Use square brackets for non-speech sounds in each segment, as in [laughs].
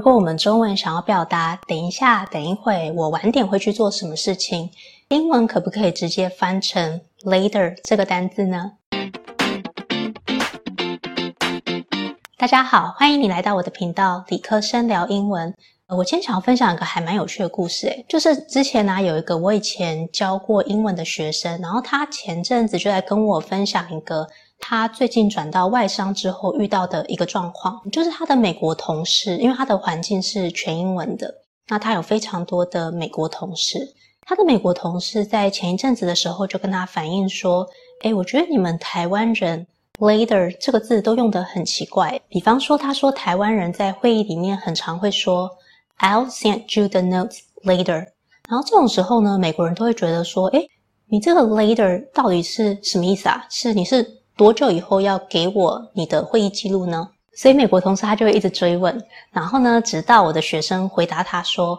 如果我們中文想要表達“等一下”“等一會”，我晚點會去做什麼事情？英文可不可以直接翻成 “later” 這個單字呢？大家好，歡迎你來到我的頻道《理科生聊英文》。我今天想要分享一個還蠻有趣的故事，欸，哎，就是之前呢、啊、有一個我以前教過英文的學生，然後他前陣子就在跟我分享一個。他最近轉到外商之後遇到的一個狀況，就是他的美國同事，因為他的環境是全英文的，那他有非常多的美國同事。他的美國同事在前一陣子的時候就跟他反映說：“哎，我覺得你們台灣人 ‘later’ 這個字都用得很奇怪。比方說，他說台灣人在會議裡面很常會說 ‘I'll send you the notes later’，然後這種時候呢，美國人都會覺得說：‘哎，你這個 ‘later’ 到底是什麼意思啊？是你是？’多久以後要給我你的會議記錄呢？所以美國同事他就會一直追問，然後呢，直到我的學生回答他說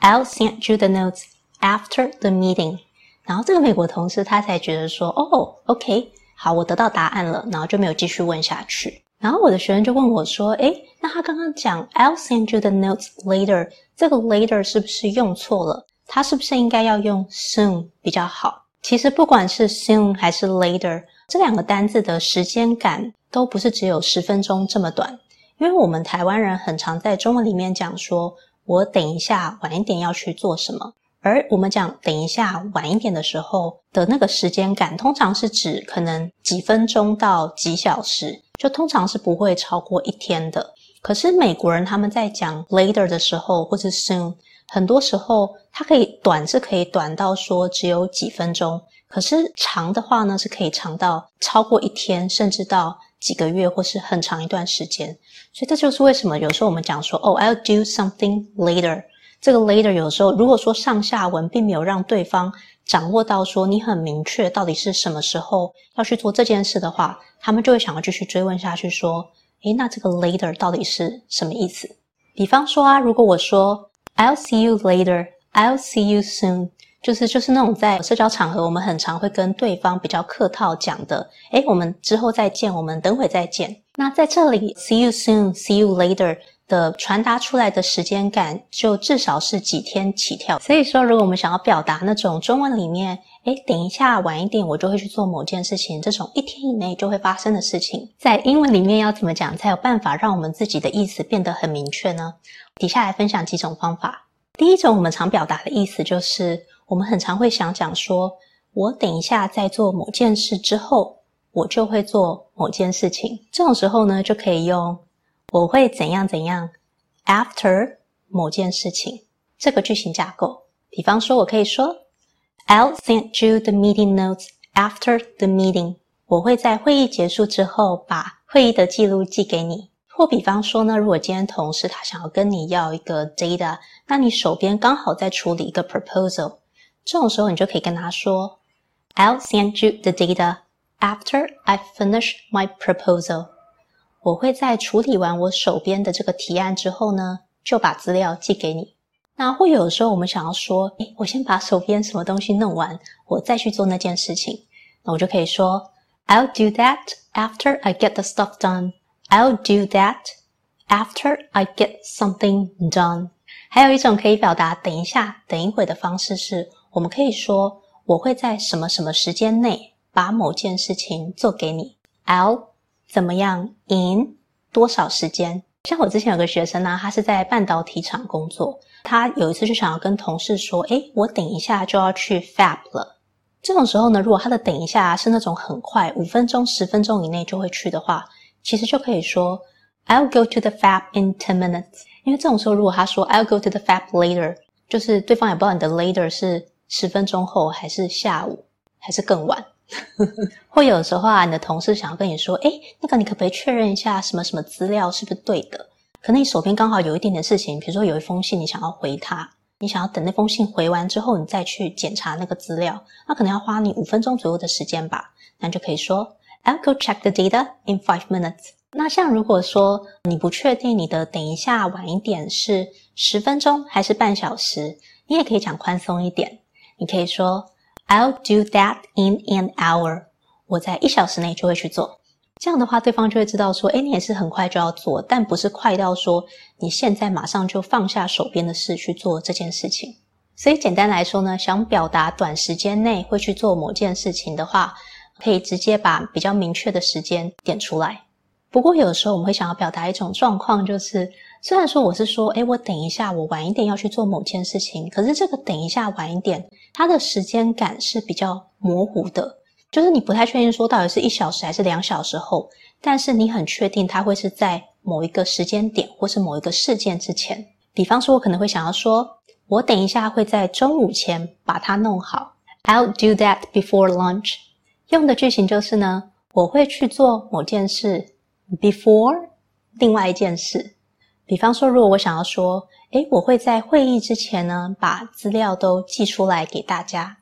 ，I'll send you the notes after the meeting，然後這個美國同事他才覺得說，哦，OK，好，我得到答案了，然後就沒有繼續問下去。然後我的學生就問我說，誒，那他剛剛講，I'll send you the notes later，這個 later 是不是用錯了？他是不是應該要用 soon 比較好？其實不管是 soon 還是 later，這兩個單字的時間感都不是只有十分鐘這麼短，因為我們台灣人很常在中文裡面講說，我等一下晚一點要去做什麼，而我們講等一下晚一點的時候的那個時間感，通常是指可能幾分鐘到幾小時，就通常是不會超過一天的。可是美國人他們在講 later 的時候或是 soon，很多時候。它可以短是可以短到說只有幾分鐘，可是長的話呢是可以長到超過一天，甚至到幾個月或是很長一段時間。所以這就是為什麼有時候我們講說，oh，I'll do something later。這個 later 有時候如果說上下文並沒有讓對方掌握到說你很明確到底是什麼時候要去做這件事的話，他們就會想要繼續追問下去，說，哎，那這個 later 到底是什麼意思？比方說啊，如果我說 I'll see you later。I'll see you soon，就是就是那種在社交場合，我們很常會跟對方比較客套講的，誒，我們之後再見，我們等會再見。那在這裡，see you soon，see you later 的傳達出來的時間感，就至少是幾天起跳。所以說，如果我們想要表達那種中文裡面，誒，等一下，晚一點我就會去做某件事情，這種一天以內就會發生的事情，在英文裡面要怎麼講，才有辦法讓我們自己的意思變得很明確呢？底下來分享幾種方法。第一種我們常表達的意思，就是我們很常會想講說，我等一下在做某件事之後，我就會做某件事情。這種時候呢，就可以用我會怎樣怎樣 after 某件事情這個句型架構。比方說我可以說，I'll send you the meeting notes after the meeting。我會在會議結束之後把會議的記錄寄給你。或比方說呢，如果今天同事他想要跟你要一個 data，那你手邊剛好在處理一個 proposal，這種時候你就可以跟他說，I'll send you the data after I finish my proposal。我會在處理完我手邊的這個提案之後呢，就把資料寄給你。那或有的時候我們想要說，誒，我先把手邊什麼東西弄完，我再去做那件事情，那我就可以說，I'll do that after I get the stuff done。I'll do that after I get something done。還有一種可以表達“等一下”“等一會”的方式是，我們可以說我會在什麼什麼時間內把某件事情做給你。I'll 怎麼樣？In 多少時間？像我之前有個學生呢，他是在半導體廠工作，他有一次就想要跟同事說：“誒，我等一下就要去 fab 了。”這種時候呢，如果他的“等一下”是那種很快，五分鐘、十分鐘以內就會去的話。其實就可以說，I'll go to the fab in ten minutes。因為這種時候，如果他說 I'll go to the fab later，就是對方也不知道你的 later 是十分鐘後還是下午，還是更晚。會 [laughs] 有的時候啊，你的同事想要跟你說，哎，那個你可不可以確認一下什麼什麼資料是不是對的？可能你手邊剛好有一點點事情，比如說有一封信你想要回他，你想要等那封信回完之後，你再去檢查那個資料，那可能要花你五分鐘左右的時間吧。那你就可以說。I'll go check the data in five minutes。那像如果說你不確定你的等一下、晚一點是十分鐘還是半小時，你也可以講寬鬆一點。你可以說 "I'll do that in an hour。"我在一小時內就會去做。這樣的話，對方就會知道說，哎，你也是很快就要做，但不是快到說你現在馬上就放下手邊的事去做這件事情。所以簡單來說呢，想表達短時間內會去做某件事情的話。可以直接把比較明確的時間點出來。不過，有的時候我們會想要表達一種狀況，就是雖然說我是說，誒、欸、我等一下，我晚一點要去做某件事情。可是這個等一下、晚一點，它的時間感是比較模糊的，就是你不太確定說到底是一小時還是兩小時後。但是你很確定它會是在某一個時間點，或是某一個事件之前。比方說，我可能會想要說，我等一下會在中午前把它弄好。I'll do that before lunch. 用的句型就是呢，我會去做某件事，before 另外一件事。比方說，如果我想要說，誒，我會在會議之前呢，把資料都寄出來給大家，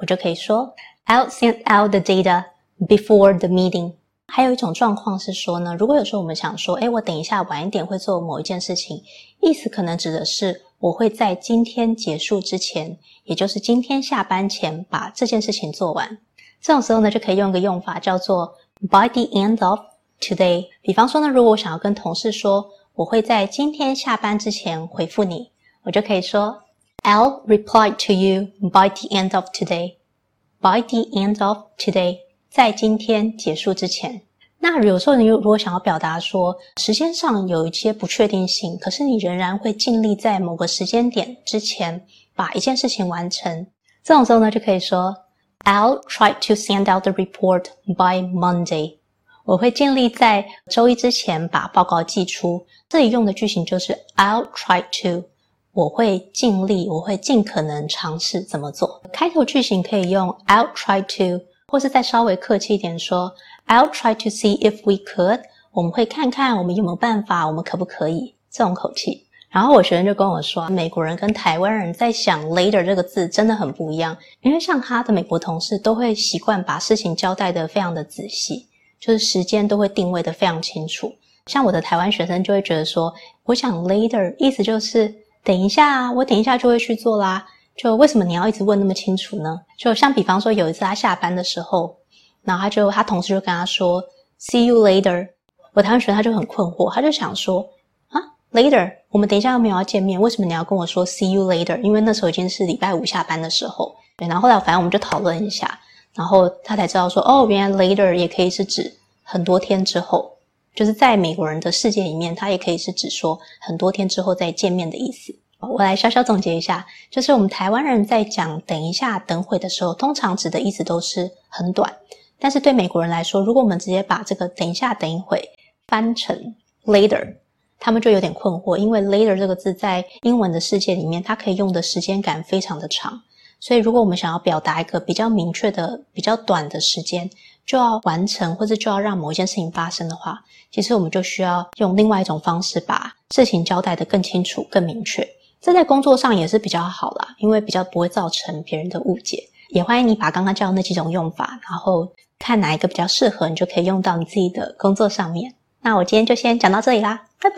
我就可以說，I'll send out the data before the meeting。還有一種狀況是說呢，如果有時候我們想說，誒，我等一下晚一點會做某一件事情，意思可能指的是我會在今天結束之前，也就是今天下班前把這件事情做完。這種時候呢，就可以用一個用法叫做 by the end of today。比方說呢，如果我想要跟同事說，我會在今天下班之前回復你，我就可以說 I'll reply to you by the end of today。by the end of today，在今天結束之前。那有時候你如果想要表達說，時間上有一些不確定性，可是你仍然會盡力在某個時間點之前把一件事情完成，這種時候呢，就可以說。I'll try to send out the report by Monday。我會盡力在週一之前把報告寄出。這裡用的句型就是 I'll try to。我會盡力，我會盡可能嘗試怎麼做。開頭句型可以用 I'll try to，或是再稍微客氣一點說 I'll try to see if we could。我們會看看我們有沒有辦法，我們可不可以，這種口氣。然後我學生就跟我說，美國人跟台灣人在想 later 這個字真的很不一樣。因為像他的美國同事都會習慣把事情交代得非常的仔細，就是時間都會定位得非常清楚。像我的台灣學生就會覺得說，我想 later 意思就是等一下啊，我等一下就會去做啦。就為什麼你要一直問那麼清楚呢？就像比方說有一次他下班的時候，然後他就他同事就跟他說 See you later。我台灣學生他就很困惑，他就想說。Later，我們等一下有沒有要見面？為什麼你要跟我說 “see you later”？因為那時候已經是禮拜五下班的時候。對，然後後來反正我們就討論一下，然後他才知道說，哦，原來 “later” 也可以是指很多天之後，就是在美國人的世界裡面，他也可以是指說很多天之後再見面的意思。我來小小總結一下，就是我們台灣人在講“等一下”“等會”的時候，通常指的意思都是很短，但是對美國人來說，如果我們直接把這個“等一下”“等一會”翻成 “later”。他們就有點困惑，因為 later 這個字在英文的世界裡面，它可以用的時間感非常的長。所以，如果我們想要表達一個比較明確的、比較短的時間就要完成，或者就要讓某一件事情發生的話，其實我們就需要用另外一種方式把事情交代的更清楚、更明確。這在工作上也是比較好啦，因為比較不會造成別人的誤解。也歡迎你把剛剛教的那幾種用法，然後看哪一個比較適合，你就可以用到你自己的工作上面。那我今天就先講到這裡啦，拜拜！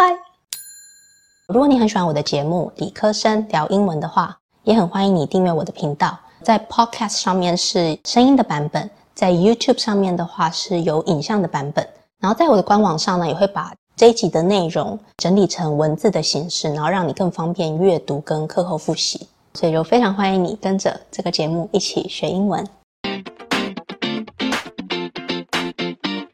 如果你很喜歡我的節目《理科生聊英文》的話，也很歡迎你訂閱我的頻道。在 Podcast 上面是聲音的版本，在 YouTube 上面的話是有影像的版本。然後在我的官網上呢，也會把這一集的內容整理成文字的形式，然後讓你更方便閱讀跟課後復習。所以就非常歡迎你跟着這個節目一起學英文。